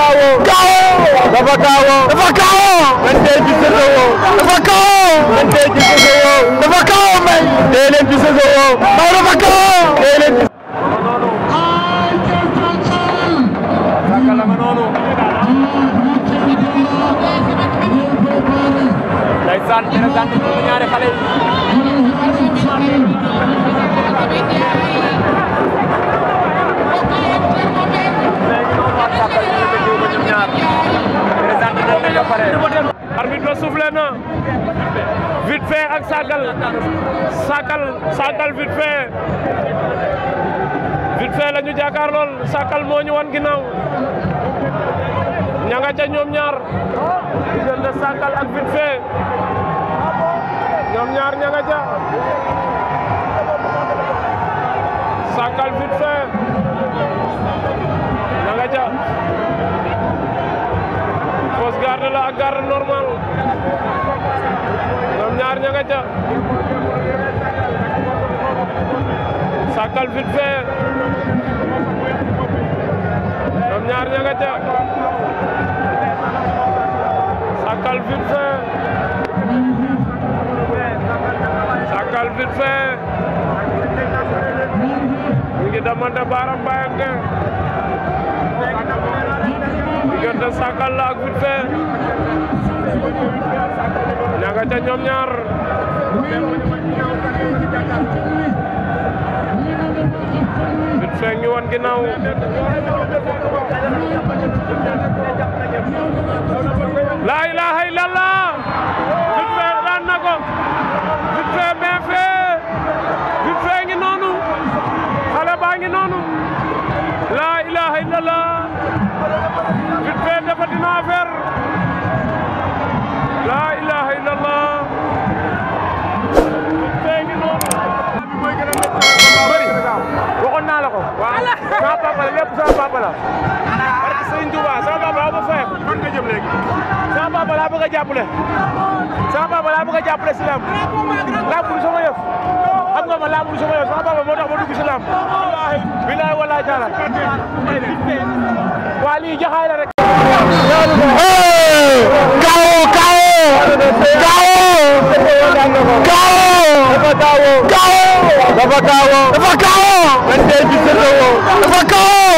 kaawoo. kaawoo. dafa kaawoo. dafa kaawoo. man tey ci Soso woo. dafa kaawoo. man tey ci Soso woo. dafa kaawoo may. tey leen ci Soso woo. Maodo dafa kaawoo. tey leen ci. ndeysaan président bi ñaari xale yi. arbitre ba soufflé na vite fait ak Sakal Sakal Sakal vite fait vite fait la ñu jàkkaar lool Sakal moo wan ginnaaw ña nga ca ñoom ñaar diggante Sakal ak vite fait ñoom ñaar ña garde la normal ñoom ñaar ña nga ca sàkkal vite fait Sakal ñaar ña nga ca sàkkal vite fait diggante Sakala ak Vite Fait ña nga ca ñoom ñaar Vite Fait ngi woon ginnaaw laa ilaaha illallah Vite Fait daan na ko Vite Fait bien fait Vite Fait noonu xale baa ngi noonu laa ilaaha illallah arbitre fee defati na affaire laa ilaha illallah fee ngi noonu bi mooy gën a métti bëri waxoon naa la ko waaw sama papa la lépp sama papa la barke Serigne Touba sama papa laa bëgg a fayam man nga jëm léegi sama papa laa bëgg a jàppale sama papa laa bëgg a jàppale si laam laam bu sama yëf xam nga ma laam bu sama yëf sama papa moo tax ma dugg si laam bilaay walaay taala waa lii jaxaay la rek Kaawo Kaawo Kaawo Kaawo